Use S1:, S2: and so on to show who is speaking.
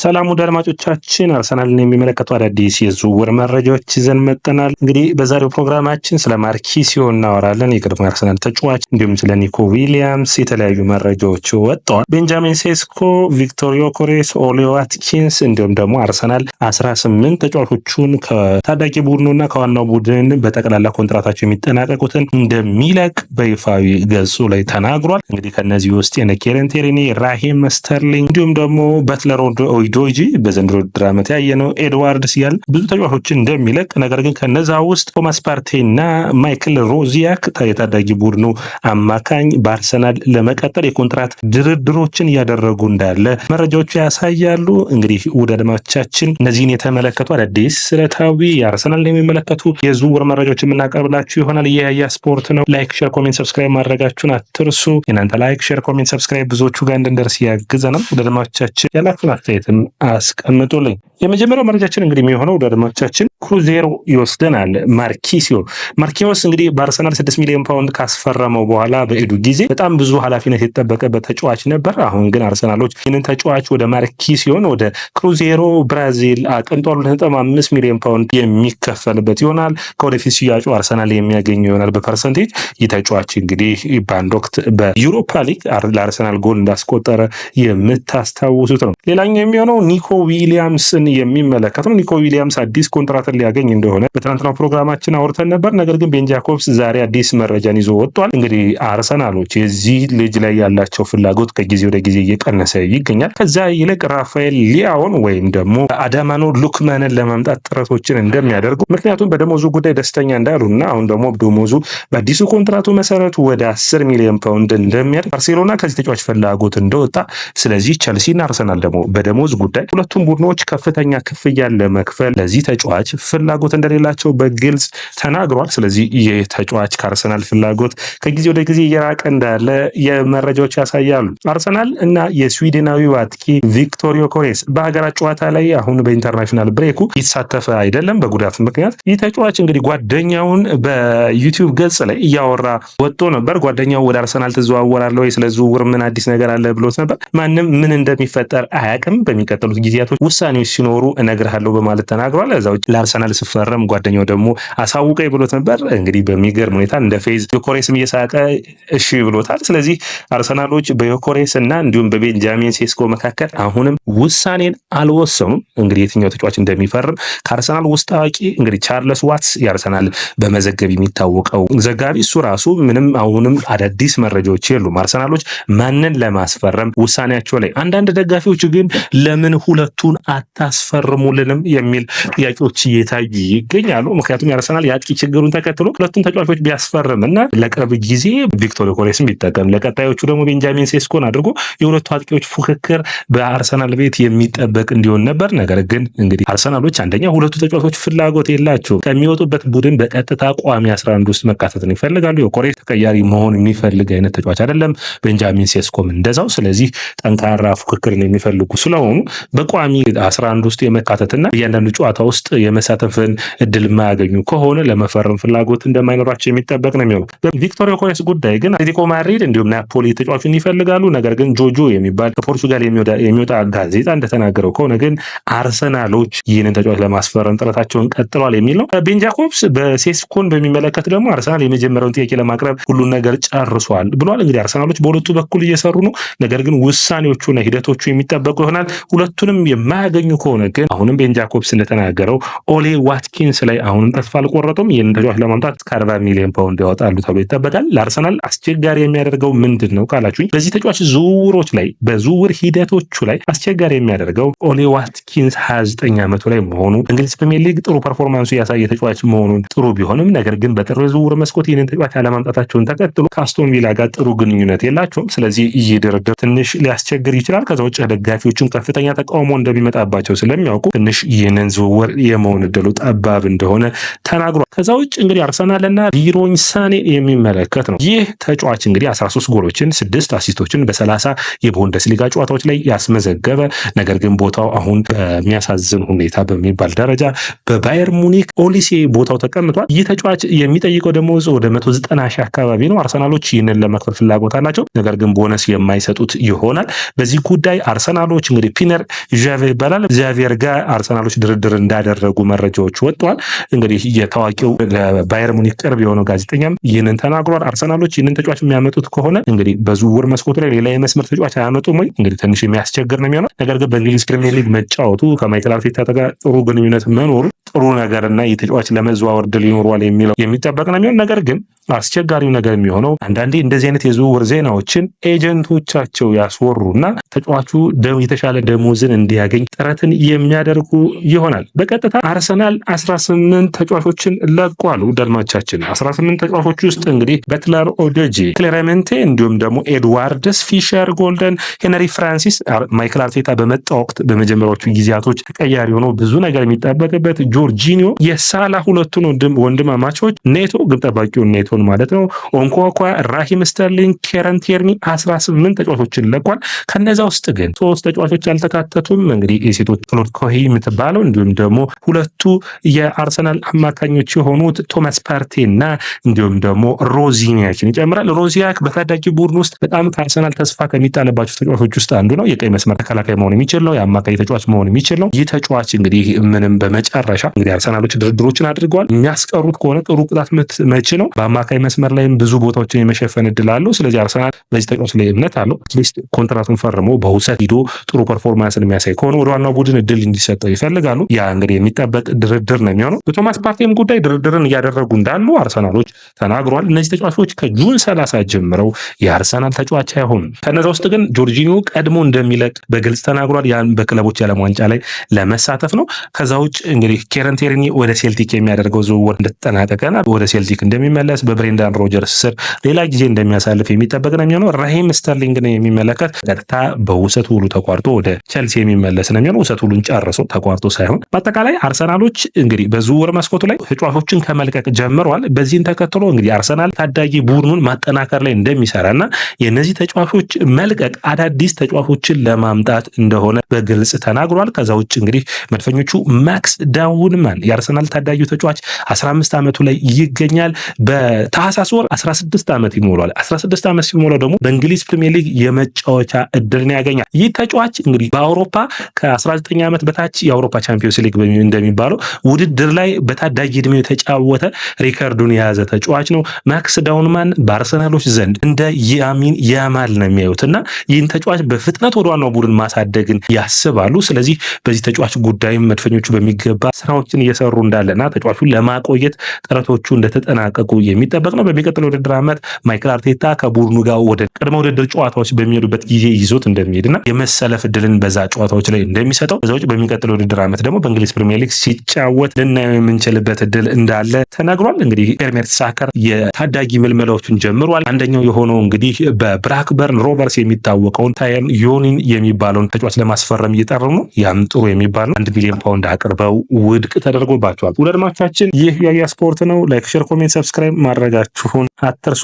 S1: ሰላም ውድ አድማጮቻችን አርሰናልን የሚመለከቱ አዳዲስ የዝውውር መረጃዎች ይዘን መጠናል። እንግዲህ በዛሬው ፕሮግራማችን ስለ ማርኪሲዮ እናወራለን፣ የቀድሞ አርሰናል ተጫዋች እንዲሁም ስለ ኒኮ ዊሊያምስ የተለያዩ መረጃዎች ወጥተዋል። ቤንጃሚን ሴስኮ፣ ቪክቶሪዮ ኮሬስ፣ ኦሊዮ አትኪንስ እንዲሁም ደግሞ አርሰናል አስራ ስምንት ተጫዋቾቹን ከታዳጊ ቡድኑና ከዋናው ቡድን በጠቅላላ ኮንትራታቸው የሚጠናቀቁትን እንደሚለቅ በይፋዊ ገጹ ላይ ተናግሯል። እንግዲህ ከእነዚህ ውስጥ የነኬረንቴሪኒ፣ ራሂም ስተርሊንግ እንዲሁም ደግሞ በትለር ጆይጂ በዘንድሮ ውድድር ዓመት ያየነው ኤድዋርድ ሲያል ብዙ ተጫዋቾችን እንደሚለቅ ነገር ግን ከነዛ ውስጥ ቶማስ ፓርቴ እና ማይክል ሮዚያክ የታዳጊ ቡድኑ አማካኝ በአርሰናል ለመቀጠል የኮንትራት ድርድሮችን እያደረጉ እንዳለ መረጃዎቹ ያሳያሉ። እንግዲህ ውድ አድማጮቻችን እነዚህን የተመለከቱ አዳዲስ ስለታዊ የአርሰናልን የሚመለከቱ የዝውውር መረጃዎች የምናቀርብላችሁ ይሆናል። የያያ ስፖርት ነው። ላይክ፣ ሼር፣ ኮሜንት ሰብስክራይብ ማድረጋችሁን አትርሱ። የናንተ ላይክ፣ ሼር፣ ኮሜንት ሰብስክራይብ ብዙዎቹ ጋር እንድንደርስ ያግዘናል። ውድ አድማጮቻችን ያላችሁን አስተያየት Um, ask and Anatoly. የመጀመሪያው መረጃችን እንግዲህ የሚሆነው ወደ ኩዜሮ ይወስደናል። ማርኪሲዮ ማርኪዮስ እንግዲህ በአርሰናል ስድስት ሚሊዮን ፓውንድ ካስፈረመው በኋላ በኤዱ ጊዜ በጣም ብዙ ኃላፊነት የተጠበቀበት ተጫዋች ነበር። አሁን ግን አርሰናሎች ይህንን ተጫዋች ወደ ማርኪሲዮን ወደ ክሩዜሮ ብራዚል አቅንጧል። ሁለት ነጥብ አምስት ሚሊዮን ፓውንድ የሚከፈልበት ይሆናል። ከወደፊት ሽያጩ አርሰናል የሚያገኘው ይሆናል በፐርሰንቴጅ። ይህ ተጫዋች እንግዲህ በአንድ ወቅት በዩሮፓ ሊግ ለአርሰናል ጎል እንዳስቆጠረ የምታስታውሱት ነው። ሌላኛው የሚሆነው ኒኮ ዊሊያምስን የሚመለከት ነው። ኒኮ ዊሊያምስ አዲስ ኮንትራትን ሊያገኝ እንደሆነ በትናንትናው ፕሮግራማችን አውርተን ነበር። ነገር ግን ቤን ጃኮብስ ዛሬ አዲስ መረጃን ይዞ ወጥቷል። እንግዲህ አርሰናሎች የዚህ ልጅ ላይ ያላቸው ፍላጎት ከጊዜ ወደ ጊዜ እየቀነሰ ይገኛል። ከዛ ይልቅ ራፋኤል ሊያውን ወይም ደግሞ አዳማኖ ሉክመንን ለማምጣት ጥረቶችን እንደሚያደርጉ ምክንያቱም በደሞዙ ጉዳይ ደስተኛ እና አሁን ደግሞ ደሞዙ በአዲሱ ኮንትራቱ መሰረቱ ወደ አስር ሚሊዮን ፓውንድ እንደሚያደርግ ባርሴሎና ከዚህ ተጫዋች ፍላጎት እንደወጣ ስለዚህ ቸልሲና አርሰናል ደግሞ በደሞዝ ጉዳይ ሁለቱም ቡድኖች ከፍተ ከፍተኛ ክፍያ ለመክፈል ለዚህ ተጫዋች ፍላጎት እንደሌላቸው በግልጽ ተናግሯል። ስለዚህ ይህ ተጫዋች ከአርሰናል ፍላጎት ከጊዜ ወደ ጊዜ እየራቀ እንዳለ የመረጃዎች ያሳያሉ። አርሰናል እና የስዊድናዊው አጥቂ ቪክቶሪዮ ኮሬስ በሀገራት ጨዋታ ላይ አሁን በኢንተርናሽናል ብሬኩ ይሳተፈ አይደለም በጉዳት ምክንያት። ይህ ተጫዋች እንግዲህ ጓደኛውን በዩቲዩብ ገጽ ላይ እያወራ ወጥቶ ነበር። ጓደኛው ወደ አርሰናል ትዘዋወራለ ወይ፣ ስለ ዝውውር ምን አዲስ ነገር አለ ብሎት ነበር። ማንም ምን እንደሚፈጠር አያውቅም። በሚቀጥሉት ጊዜያቶች ውሳኔዎች ሲኖ እንደሚኖሩ እነግርሃለሁ በማለት ተናግሯል። እዛ ውጭ ለአርሰናል ስፈረም ጓደኛው ደግሞ አሳውቀኝ ብሎት ነበር። እንግዲህ በሚገርም ሁኔታ እንደ ፌዝ ዮኮሬስም እየሳቀ እሺ ብሎታል። ስለዚህ አርሰናሎች በዮኮሬስ እና እንዲሁም በቤንጃሚን ሴስኮ መካከል አሁንም ውሳኔን አልወሰኑም። እንግዲህ የትኛው ተጫዋች እንደሚፈርም ከአርሰናል ውስጥ ታዋቂ እንግዲህ ቻርለስ ዋትስ የአርሰናል በመዘገብ የሚታወቀው ዘጋቢ እሱ ራሱ ምንም አሁንም አዳዲስ መረጃዎች የሉም። አርሰናሎች ማንን ለማስፈረም ውሳኔያቸው ላይ አንዳንድ ደጋፊዎች ግን ለምን ሁለቱን አታ አስፈርሙልንም የሚል ጥያቄዎች እየታዩ ይገኛሉ። ምክንያቱም ያርሰናል የአጥቂ ችግሩን ተከትሎ ሁለቱም ተጫዋቾች ቢያስፈርም እና ለቅርብ ጊዜ ቪክቶር ኮሬስ ቢጠቀም ለቀጣዮቹ ደግሞ ቤንጃሚን ሴስኮን አድርጎ የሁለቱ አጥቂዎች ፉክክር በአርሰናል ቤት የሚጠበቅ እንዲሆን ነበር። ነገር ግን እንግዲህ አርሰናሎች አንደኛ ሁለቱ ተጫዋቾች ፍላጎት የላቸው ከሚወጡበት ቡድን በቀጥታ ቋሚ 11 ውስጥ መካተትን ይፈልጋሉ። የኮሬስ ተቀያሪ መሆን የሚፈልግ አይነት ተጫዋች አይደለም። ቤንጃሚን ሴስኮም እንደዛው። ስለዚህ ጠንካራ ፉክክርን የሚፈልጉ ስለሆኑ በቋሚ 11 ውስጥ የመካተትና እያንዳንዱ ጨዋታ ውስጥ የመሳተፍን እድል የማያገኙ ከሆነ ለመፈረም ፍላጎት እንደማይኖራቸው የሚጠበቅ ነው የሚሆኑ። ቪክቶር ዮኬሬስ ጉዳይ ግን አትሌቲኮ ማድሪድ እንዲሁም ናፖሊ ተጫዋቹን ይፈልጋሉ። ነገር ግን ጆጆ የሚባል ከፖርቱጋል የሚወጣ ጋዜጣ እንደተናገረው ከሆነ ግን አርሰናሎች ይህንን ተጫዋች ለማስፈረም ጥረታቸውን ቀጥሏል የሚል ነው። ቤን ጃኮብስ በሴስኮን በሚመለከት ደግሞ አርሰናል የመጀመሪያውን ጥያቄ ለማቅረብ ሁሉን ነገር ጨርሷል ብሏል። እንግዲህ አርሰናሎች በሁለቱ በኩል እየሰሩ ነው። ነገር ግን ውሳኔዎቹና ሂደቶቹ የሚጠበቁ ይሆናል። ሁለቱንም የማያገኙ ከሆነ ከሆነ ግን አሁንም ቤን ጃኮብስ እንደተናገረው ኦሌ ዋትኪንስ ላይ አሁንም ተስፋ አልቆረጡም። ይህን ተጫዋች ለማምጣት ከአርባ ሚሊዮን ፓውንድ ያወጣሉ ተብሎ ይጠበቃል። ለአርሰናል አስቸጋሪ የሚያደርገው ምንድን ነው ካላችሁኝ በዚህ ተጫዋች ዝውውሮች ላይ በዝውውር ሂደቶቹ ላይ አስቸጋሪ የሚያደርገው ኦሌ ዋትኪንስ 29 ዓመቱ ላይ መሆኑ እንግሊዝ ፕሪሚየር ሊግ ጥሩ ፐርፎርማንሱ ያሳየ ተጫዋች መሆኑን ጥሩ ቢሆንም ነገር ግን በጥሩ የዝውውር መስኮት ይህንን ተጫዋች አለማምጣታቸውን ተከትሎ ከአስቶን ቪላ ጋር ጥሩ ግንኙነት የላቸውም። ስለዚህ ይህ ድርድር ትንሽ ሊያስቸግር ይችላል። ከዛ ውጭ ደጋፊዎቹም ከፍተኛ ተቃውሞ እንደሚመጣባቸው ስለሚያውቁ ትንሽ ይህንን ዝውውር የመሆን እድሉ ጠባብ እንደሆነ ተናግሯል። ከዛ ውጭ እንግዲህ አርሰናልና ሊሮኝ ሳኔ የሚመለከት ነው። ይህ ተጫዋች እንግዲህ 13 ጎሎችን፣ ስድስት አሲስቶችን በሰላሳ የቡንደስሊጋ ጨዋታዎች ላይ ያስመዘገበ ነገር ግን ቦታው አሁን በሚያሳዝን ሁኔታ በሚባል ደረጃ በባየር ሙኒክ ኦሊሴ ቦታው ተቀምጧል። ይህ ተጫዋች የሚጠይቀው ደሞዝ ወደ 190 ሺህ አካባቢ ነው። አርሰናሎች ይህንን ለመክፈል ፍላጎት አላቸው፣ ነገር ግን ቦነስ የማይሰጡት ይሆናል። በዚህ ጉዳይ አርሰናሎች እንግዲህ ፒነር ዣቬ ይባላል ከእግዚአብሔር ጋር አርሰናሎች ድርድር እንዳደረጉ መረጃዎች ወጥተዋል። እንግዲህ የታዋቂው ለባየር ሙኒክ ቅርብ የሆነው ጋዜጠኛም ይህንን ተናግሯል። አርሰናሎች ይህንን ተጫዋች የሚያመጡት ከሆነ እንግዲህ በዝውውር መስኮቱ ላይ ሌላ የመስመር ተጫዋች አያመጡም ወይ? እንግዲህ ትንሽ የሚያስቸግር ነው የሚሆነው። ነገር ግን በእንግሊዝ ፕሪሚየር ሊግ መጫወቱ ከማይክል አርቴታ ጋር ጥሩ ግንኙነት መኖሩ ጥሩ ነገር እና የተጫዋች ለመዘዋወር ድል ይኖረዋል የሚለው የሚጠበቅ ነው የሚሆን ነገር ግን አስቸጋሪው ነገር የሚሆነው አንዳንዴ እንደዚህ አይነት የዝውውር ዜናዎችን ኤጀንቶቻቸው ያስወሩና ተጫዋቹ የተሻለ ደሞዝን እንዲያገኝ ጥረትን የሚያደርጉ ይሆናል። በቀጥታ አርሰናል 18 ተጫዋቾችን ለቋሉ። ደልማቻችን 18 ተጫዋቾች ውስጥ እንግዲህ በትለር ኦደጂ፣ ክሌረሜንቴ እንዲሁም ደግሞ ኤድዋርድስ፣ ፊሸር፣ ጎልደን፣ ሄነሪ ፍራንሲስ ማይክል አርቴታ በመጣ ወቅት በመጀመሪያዎቹ ጊዜያቶች ተቀያሪ ሆኖ ብዙ ነገር የሚጠበቅበት ጆ ጆርጂኒዮ የሳላ ሁለቱን ወንድማማቾች ኔቶ ግብ ጠባቂውን ኔቶን ማለት ነው ኦንኳኳ፣ ራሂም ስተርሊንግ፣ ኬረን ቴርኒ አስራ ተጫዋቾችን ለቋል። ከነዛ ውስጥ ግን ሶስት ተጫዋቾች አልተካተቱም። እንግዲህ የሴቶች ክሎድ ኮሂ የምትባለው እንዲሁም ደግሞ ሁለቱ የአርሰናል አማካኞች የሆኑት ቶማስ ፓርቴ እና እንዲሁም ደግሞ ሮዚኒያችን ይጨምራል። ሮዚያክ በታዳጊ ቡድን ውስጥ በጣም ከአርሰናል ተስፋ ከሚጣልባቸው ተጫዋቾች ውስጥ አንዱ ነው። የቀይ መስመር ተከላካይ መሆን የሚችል ነው። የአማካኝ ተጫዋች መሆን የሚችል ነው። ይህ ተጫዋች እንግዲህ ምንም በመጨረሻ እንግዲህ አርሰናሎች ድርድሮችን አድርገዋል። የሚያስቀሩት ከሆነ ጥሩ ቅጣት ምት መች ነው። በአማካይ መስመር ላይም ብዙ ቦታዎችን የመሸፈን እድል አለው። ስለዚህ አርሰናል በዚህ ተጫዋች ላይ እምነት አለው። አትሊስት ኮንትራቱን ፈርሞ በውሰት ሂዶ ጥሩ ፐርፎርማንስን የሚያሳይ ከሆነ ወደ ዋናው ቡድን እድል እንዲሰጠው ይፈልጋሉ። ያ እንግዲህ የሚጠበቅ ድርድር ነው የሚሆነው። በቶማስ ፓርቴም ጉዳይ ድርድርን እያደረጉ እንዳሉ አርሰናሎች ተናግሯል እነዚህ ተጫዋቾች ከጁን ሰላሳ ጀምረው የአርሰናል ተጫዋች አይሆኑም። ከነዛ ውስጥ ግን ጆርጂኒዮ ቀድሞ እንደሚለቅ በግልጽ ተናግሯል። ያን በክለቦች ያለም ዋንጫ ላይ ለመሳተፍ ነው። ከዛ ውጭ እንግዲህ ኬረን ቴርኒ ወደ ሴልቲክ የሚያደርገው ዝውውር እንደተጠናቀቀና ወደ ሴልቲክ እንደሚመለስ በብሬንዳን ሮጀርስ ስር ሌላ ጊዜ እንደሚያሳልፍ የሚጠበቅ ነው የሚሆነው። ራሂም ስተርሊንግ ነው የሚመለከት ቀጥታ በውሰት ውሉ ተቋርጦ ወደ ቸልሲ የሚመለስ ነው የሚሆነው። ውሰት ውሉን ጨርሶ ተቋርጦ ሳይሆን በአጠቃላይ አርሰናሎች እንግዲህ በዝውውር መስኮቱ ላይ ተጫዋቾችን ከመልቀቅ ጀምረዋል። በዚህን ተከትሎ እንግዲህ አርሰናል ታዳጊ ቡድኑን ማጠናከር ላይ እንደሚሰራና የእነዚህ ተጫዋቾች መልቀቅ አዳዲስ ተጫዋቾችን ለማምጣት እንደሆነ በግልጽ ተናግሯል። ከዛ ውጭ እንግዲህ መድፈኞቹ ማክስ ዳውን ጉድማን የአርሰናል ታዳጊ ተጫዋች 15 ዓመቱ ላይ ይገኛል። በታህሳስ ወር 16 ዓመት ይሞላል። 16 ዓመት ሲሞላው ደግሞ በእንግሊዝ ፕሪሚየር ሊግ የመጫወቻ እድልን ያገኛል። ይህ ተጫዋች እንግዲህ በአውሮፓ ከ19 ዓመት በታች የአውሮፓ ቻምፒዮንስ ሊግ እንደሚባለው ውድድር ላይ በታዳጊ እድሜ የተጫወተ ሪከርዱን የያዘ ተጫዋች ነው። ማክስ ዳውንማን በአርሰናሎች ዘንድ እንደ ያሚን ያማል ነው የሚያዩት እና ይህን ተጫዋች በፍጥነት ወደ ዋናው ቡድን ማሳደግን ያስባሉ። ስለዚህ በዚህ ተጫዋች ጉዳይም መድፈኞቹ በሚገባ ስራዎችን እየሰሩ እንዳለና ተጫዋቹን ለማቆየት ጥረቶቹ እንደተጠናቀቁ የሚጠበቅ ነው። በሚቀጥለው ውድድር ዓመት ማይክል አርቴታ ከቡድኑ ጋር ወደ ቅድመ ውድድር ጨዋታዎች በሚሄዱበት ጊዜ ይዞት እንደሚሄድና የመሰለፍ እድልን በዛ ጨዋታዎች ላይ እንደሚሰጠው ከዛ ውጭ በሚቀጥለው ውድድር ዓመት ደግሞ በእንግሊዝ ፕሪሚየር ሊግ ሲጫወት ልናየው የምንችልበት እድል እንዳለ ተናግሯል። እንግዲህ ፔርሜርት ሳከር የታዳጊ ምልመላዎቹን ጀምሯል። አንደኛው የሆነው እንግዲህ በብራክበርን ሮቨርስ የሚታወቀውን ታየን ዮኒን የሚባለውን ተጫዋች ለማስፈረም እየጠሩ ነው። ያም ጥሩ የሚባል ነው። አንድ ሚሊዮን ፓውንድ አቅርበው ውድ ውድቅ ተደርጎባቸዋል። ውድ አድማጮቻችን ይህ ያያ ስፖርት ነው። ላይክ፣ ሼር፣ ኮሜንት፣ ሰብስክራይብ ማድረጋችሁን አትርሱ።